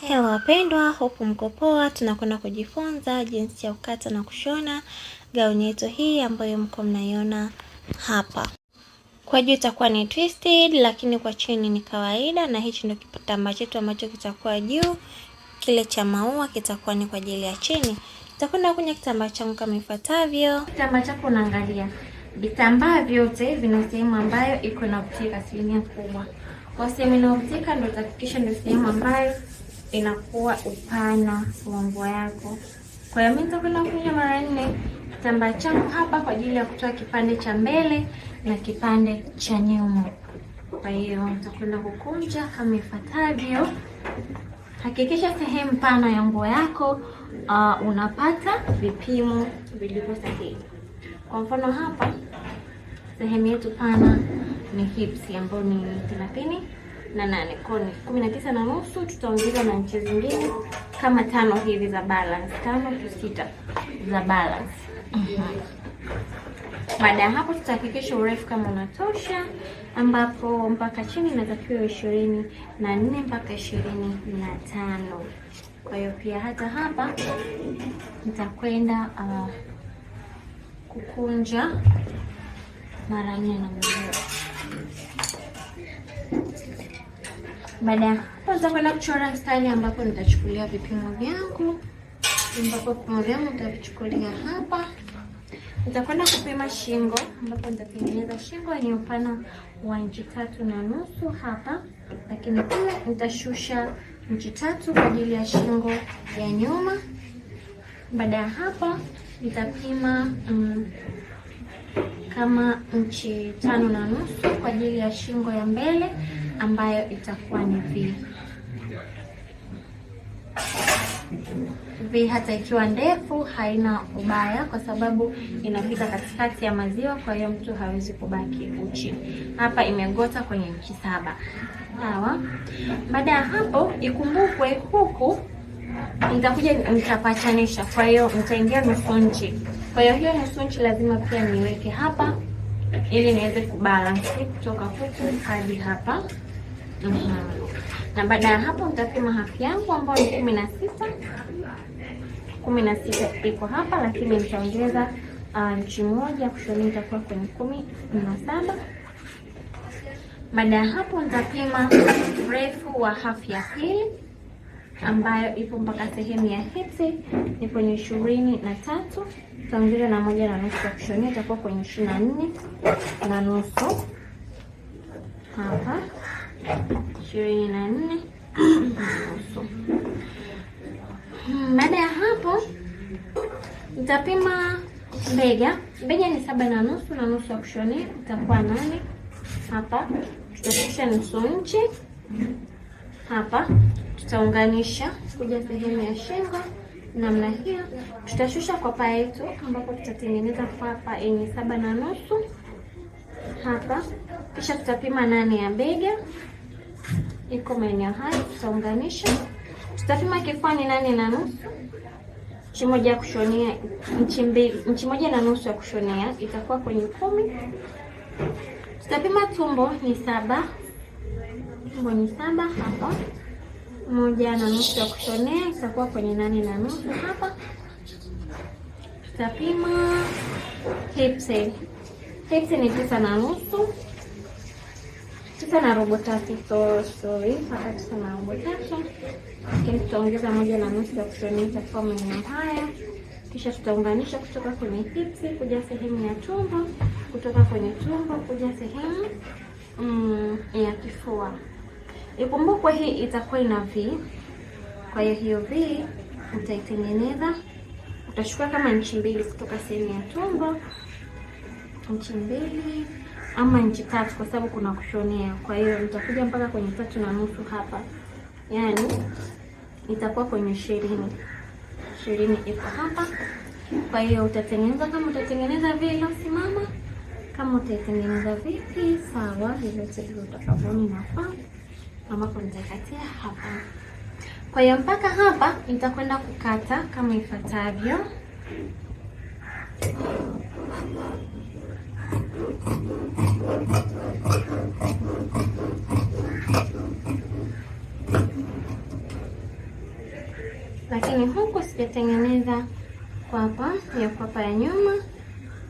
Hello wapendwa, hope mko poa. Tunakwenda kujifunza jinsi ya kukata na kushona gauni yetu hii ambayo mko mnaiona hapa. Kwa juu itakuwa ni twisted, lakini kwa chini ni kawaida, na hichi ndio kitambaa chetu ambacho kitakuwa juu. Kile cha maua kitakuwa ni kwa ajili ya chini. Nitakwenda kwenye kitambaa changu kama ifuatavyo. Kitambaa chako unaangalia, vitambaa vyote vina sehemu ambayo iko na kutika asilimia kubwa, kwa sehemu inayokutika ndio utahakikisha ndio sehemu ambayo inakuwa upana wa nguo yako. Kwa hiyo mimi nitakwenda kukunja mara nne kitambaa changu hapa kwa ajili ya kutoa kipande cha mbele na kipande cha nyuma. Kwa hiyo nitakwenda kukunja kama ifuatavyo. Hakikisha sehemu pana ya nguo yako uh, unapata vipimo vilivyo sahihi. Kwa mfano hapa sehemu yetu pana ni hips ambayo ni thelathini na nane kone kumi na tisa na nusu tutaongeza na nchi zingine kama tano hivi za balance, tano tu sita za balance. Mhm. Baada ya hapo tutahakikisha urefu kama unatosha, ambapo mpaka chini inatakiwa ishirini na nne mpaka ishirini na tano. Kwa hiyo pia hata hapa nitakwenda uh, kukunja mara nne na moja. Baada ya hapo nitakwenda kuchora mstari ambapo nitachukulia vipimo vyangu, ambapo vipimo vyangu nitavichukulia hapa. Nitakwenda kupima shingo, ambapo nitatengeneza shingo yenye upana wa inchi tatu na nusu hapa, lakini pia nitashusha inchi tatu kwa ajili ya shingo ya nyuma. Baada ya hapo nitapima mm, kama inchi tano na nusu kwa ajili ya shingo ya mbele ambayo itakuwa ni v. V hata ikiwa ndefu haina ubaya, kwa sababu inapita katikati ya maziwa, kwa hiyo mtu hawezi kubaki uchi. Hapa imegota kwenye inchi saba. Sawa. Baada ya hapo, ikumbukwe huku nitakuja nitapachanisha, kwa hiyo nitaingia nusu nchi. Kwa hiyo hiyo nusu nchi lazima pia niweke hapa ili niweze kubalansi kutoka huku hadi hapa na baada ya hapo nitapima hafi yangu ambayo ni kumi na sita kumi na sita iko hapa, lakini nitaongeza ah, nchi moja kushoni, itakuwa kwenye kumi na saba. Baada ya hapo nitapima urefu wa hafi ya pili ambayo ipo mpaka sehemu ya hiti ni kwenye ishirini na tatu. tangira na moja na nusu ya itakuwa kwenye ishirini na nne na nusu hapa ishirini na nne nusu. Baada ya hapo nitapima bega. Bega ni saba na nusu na nusu ya kushonea itakuwa nane. Hapa tutashusha nusu nchi hapa, tutaunganisha kuja sehemu ya shingo namna hiyo. Tutashusha kwa paa yetu ambapo tutatengeneza kwapa yenye saba na nusu hapa, kisha tutapima nane ya bega iko maeneo haya, tutaunganisha. Tutapima kifua ni nane na nusu nchi moja ya kushonea nchi mbili, nchi moja na nusu ya kushonea itakuwa kwenye kumi. Tutapima tumbo ni saba, tumbo ni saba hapa, moja na nusu ya kushonea itakuwa kwenye nane na nusu hapa. Tutapima hips, hips ni tisa na nusu tisa na robo tatu so sorry, mpaka tisa na robo tatu, lakini tutaongeza moja na nusu ya kutengeneza fomu yenye mpaya, kisha tutaunganisha kutoka kwenye hipsi kuja sehemu ya tumbo, kutoka kwenye tumbo kuja sehemu mm, ya kifua. Ikumbukwe hii itakuwa ina V, kwa hiyo hiyo V utaitengeneza, utachukua kama nchi mbili kutoka sehemu ya tumbo, nchi mbili ama inchi tatu kwa sababu kuna kushonea. Kwa hiyo nitakuja mpaka kwenye tatu na nusu hapa, yaani itakuwa kwenye ishirini ishirini iko hapa. Kwa hiyo utatengeneza kama utatengeneza vile iliosimama, kama utaitengeneza vipi, sawa, vyovyote vile utakavyoni nafaa, ambapo nitakatia hapa. Kwa hiyo mpaka hapa nitakwenda kukata kama ifuatavyo lakini huku sijatengeneza kwapa ya kwapa ya nyuma,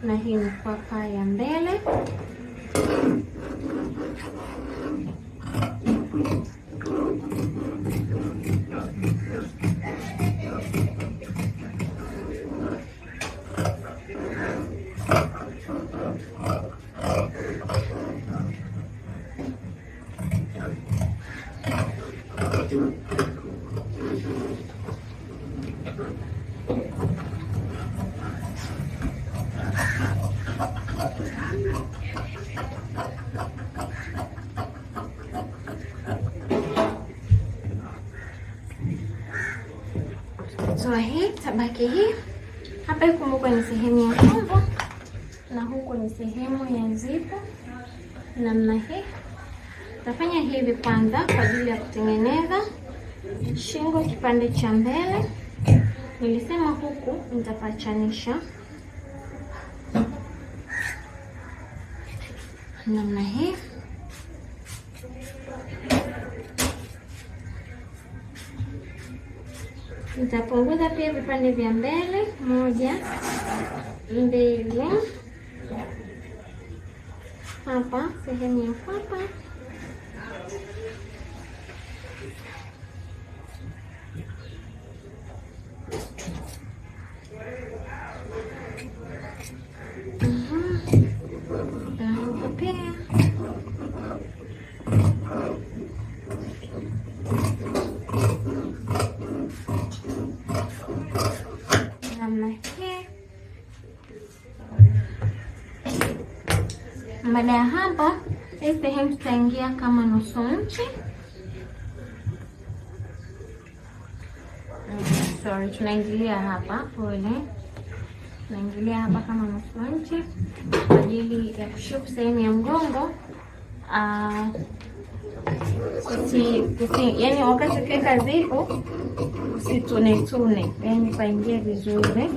na hii ni kwapa ya mbele. imebaki hii hapa. Ikumbuko ni sehemu ya kwanza, na huku ni sehemu ya zipu namna hii. Tafanya hivi kwanza kwa ajili ya kutengeneza shingo kipande cha mbele. Nilisema huku nitapachanisha namna hii. nitapunguza pia vipande vya mbele, moja, mbili, hapa sehemu ya hapa Baada ya hapa, hii sehemu tutaingia kama nusu nchi. Sorry, tunaingilia hapa pole, tunaingilia hapa kama nusu nchi kwa ajili ya kushuku sehemu ya mgongo. Ah, yani wakati ukiweka zipu usitunetune, yani paingie vizuri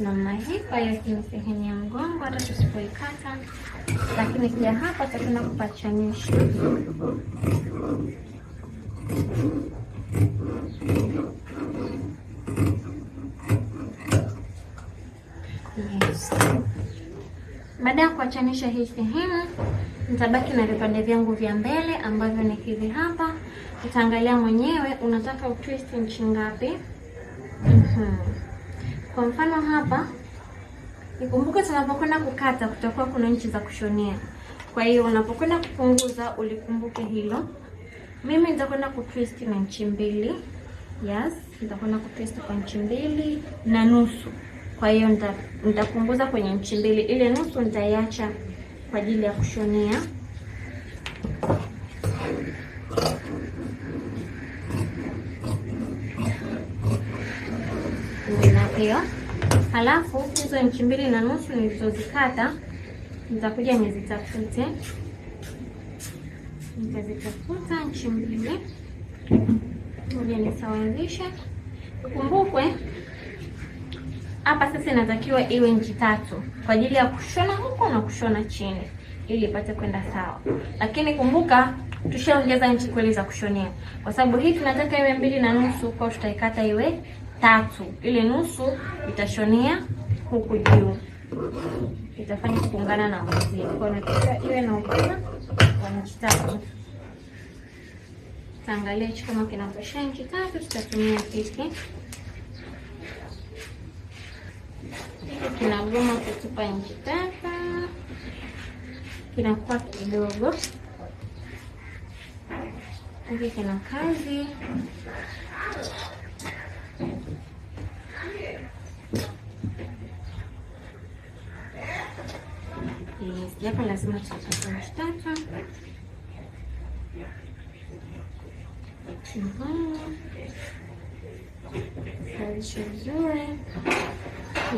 namna hii. Kwa hiyo hii ni sehemu ya mgongo, hata tusipoikata, lakini pia hapa tutakwenda kupachanisha yes. Baada ya kuachanisha hii sehemu, nitabaki na vipande vyangu vya mbele ambavyo ni hivi hapa. Utaangalia mwenyewe unataka utwist nchi ngapi? mm -hmm. Kwa mfano hapa, ikumbuke tunapokwenda kukata kutakuwa kuna nchi za kushonea. Kwa hiyo unapokwenda kupunguza ulikumbuke hilo. Mimi nitakwenda kutwist na nchi mbili. Yes, nitakwenda kutwist kwa nchi mbili na nusu. Kwa hiyo nitapunguza kwenye nchi mbili, ile nusu nitaiacha kwa ajili ya kushonea. Halafu hizo inchi mbili na nusu nilizozikata nitakuja nizitafute, nitazitafuta inchi mbili moja nisawazishe. Kumbukwe hapa sasa inatakiwa iwe inchi tatu kwa ajili ya kushona huko na kushona chini ili ipate kwenda sawa, lakini kumbuka tushaongeza inchi kweli za kushonea, kwa sababu hii tunataka iwe mbili na nusu, kwa tutaikata iwe tatu, ile nusu itashonia huku juu, itafanya kuungana na mzizi. Kwa nataka iwe na upana wa inchi tatu. Taangalia hichi kama kinatosha inchi tatu, tutatumia hiki kinagoma kutupa inchi tatu, kinakuwa kidogo hiki kina kazi japo lazima tutatoa mashtaka salisho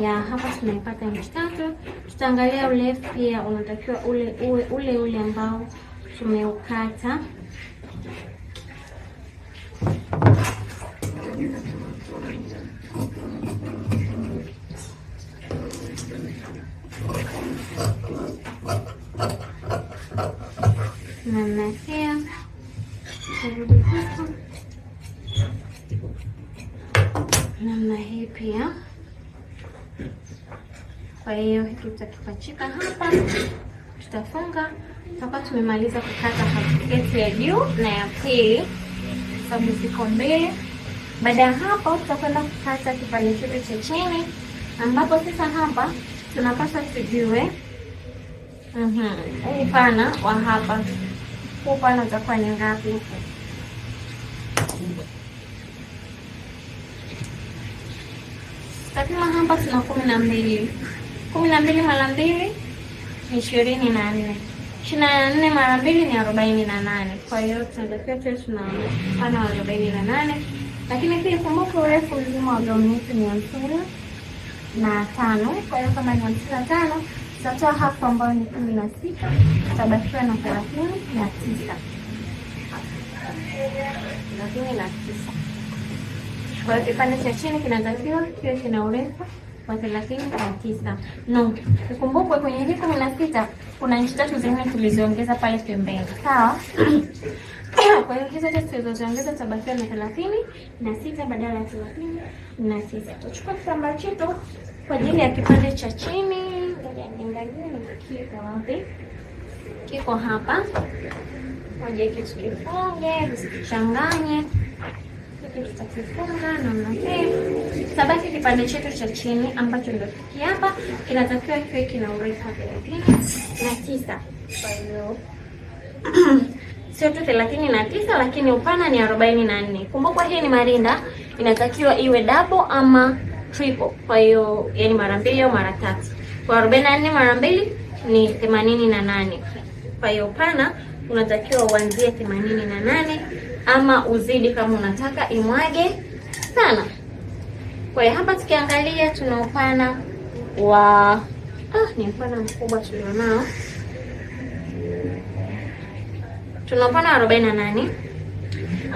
ya hapa tunaipata inchi Tutaangalia urefu pia unatakiwa ule ule ule ambao tumeukata. namna hea namna hii pia. Kwa hiyo hiki tutakipachika hapa, tutafunga hapa tumemaliza kukata hafu ya juu na ya pili, sababu ziko mbili. Baada ya hapo, tutakwenda kukata kipande chote cha chini, ambapo sasa hapa tunapaswa tujue, mhm, upana wa hapa huu upana utakuwa ni ngapi? Tutapima hapa, tuna kumi na mbili. Kumi na mbili mara mbili ni ishirini na nne. Ishirini na nne mara mbili ni arobaini na nane. Kwa hiyo tunatakiwa tuwe tuna pana wa arobaini na nane, lakini pia kumbuka urefu mzima wa gauni yetu ni hamsini na tano. Kwa hiyo kama ni hamsini na tano tutatoa hapo ambayo ni kumi na sita tutabakiwa na thelathini na tisa thelathini na tisa kwa hiyo kipande cha chini kinatakiwa kiwe kina urefu wa thelathini na tisa no kukumbukwe kwenye hii kumi na sita kuna nchi tatu zingine tulizoongeza pale pembeni sawa kwa hiyo hizo tatu tulizoziongeza tutabakiwa na thelathini na sita badala ya thelathini na tisa tutachukua kitambaa chetu kwa ajili ya kipande cha chini Angalia kiko wapi? Kiko hapa. hiki tukifunge, tusichanganye. Hiki tutakifunga namna hii. kipande chetu cha chini ambacho ndio hiki hapa, kinatakiwa kiwe kina urefu thelathini na tisa. Kwa hiyo sio tu thelathini na tisa lakini upana ni arobaini na nne. kumbukwa hii ni marinda, inatakiwa iwe double ama triple. Kwa hiyo yani mara mbili au mara tatu kwa 44 na nne mara mbili ni themanini na nane kwa hiyo pana unatakiwa uanzie themanini na nane ama uzidi kama unataka imwage sana. Kwa hiyo hapa tukiangalia tuna upana wa ah, ni upana mkubwa tulionao, tuna upana wa 48 nane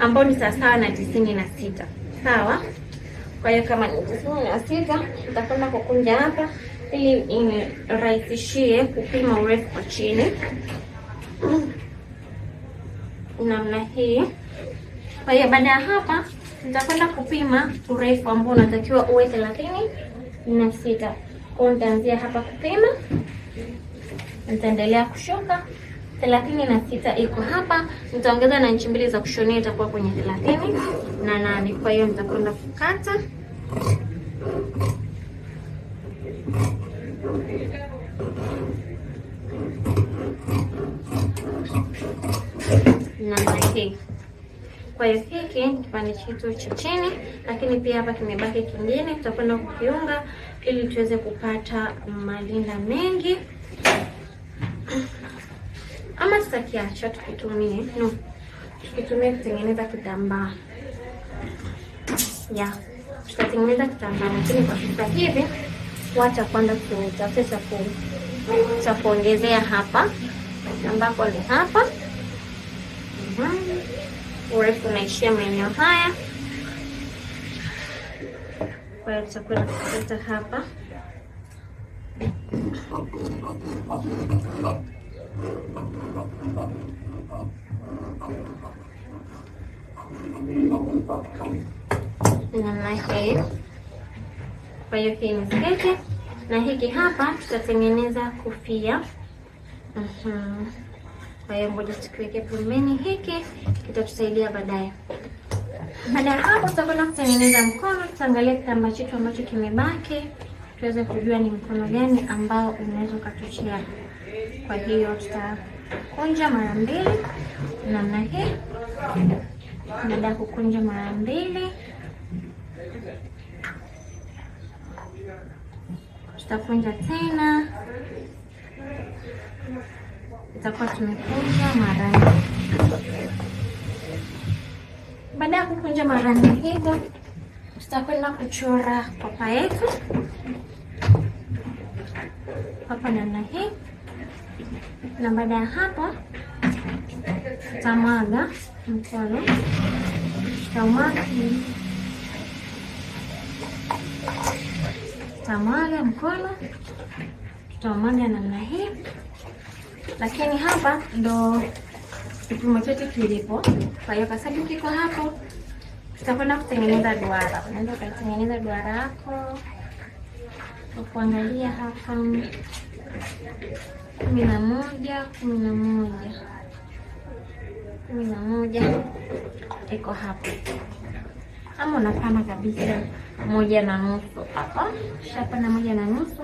ambao ni sawasawa na tisini na sita sawa. Kwa hiyo kama ni 96 na sita utakwenda kukunja hapa ili inirahisishie kupima urefu kwa chini namna hii. Kwa hiyo baada ya hapa nitakwenda kupima urefu ambao unatakiwa uwe thelathini na sita. Kwa nitaanzia hapa kupima, nitaendelea kushuka. thelathini na sita iko hapa, nitaongeza na inchi mbili za kushonia, itakuwa kwenye thelathini na nane. Kwa hiyo nitakwenda kukata namna hii. Kwa hiyo hiki ni kipande chetu cha chini, lakini pia hapa kimebaki kingine, tutakwenda kukiunga ili tuweze kupata malinda mengi, ama tutakiacha tukitumie, no, tukitumie kutengeneza kitambaa ya yeah. Tutatengeneza kitambaa, lakini kwa sasa hivi Wacha kwanza tunitafuta cha kuongezea hapa, ambapo ni hapa. Mhm. Urefu unaishia maeneo haya, kwa hiyo tutakwenda kukata hapa namna hiyo. Kwa hiyo hii ni sketi na hiki hapa tutatengeneza kofia. Mhm. Kwa hiyo ngoja tukiweke pembeni, hiki kitatusaidia baadaye. Baada ya hapo, tutakwenda kutengeneza mkono. Tutaangalia kitambaa chetu ambacho kimebaki, tuweze kujua ni mkono gani ambao unaweza ukatuchia. Kwa hiyo tutakunja mara mbili namna hii, baada ya kukunja mara mbili tutakunja tena, itakuwa tumekunja mara nne. Baada ya kukunja mara nne hizo, tutakwenda kuchora papa yetu hapa namna hii, na baada ya hapo tutamwaga mkono, tutamwaga tutamwaga mkono, tutamwaga namna hii, lakini hapa ndo kipimo chetu kilipo. Kwa hiyo kwa sababu kiko hapo, tutakwenda kutengeneza duara. Unaweza ukaitengeneza duara yako kwa kuangalia hapa, kumi na moja kumi na moja kumi na moja iko hapo. Kama unapana kabisa moja na nusu hapa, shapana moja na nusu,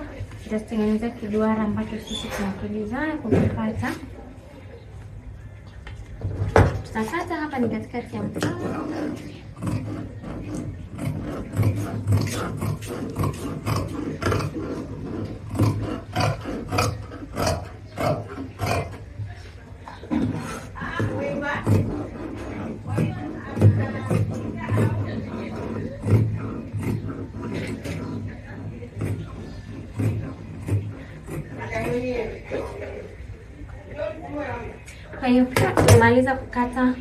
itatengeneza kiduara ambacho sisi tunakidesign kukipata. Tutakata hapa, ni katikati ya mtaa Nikimaliza kukata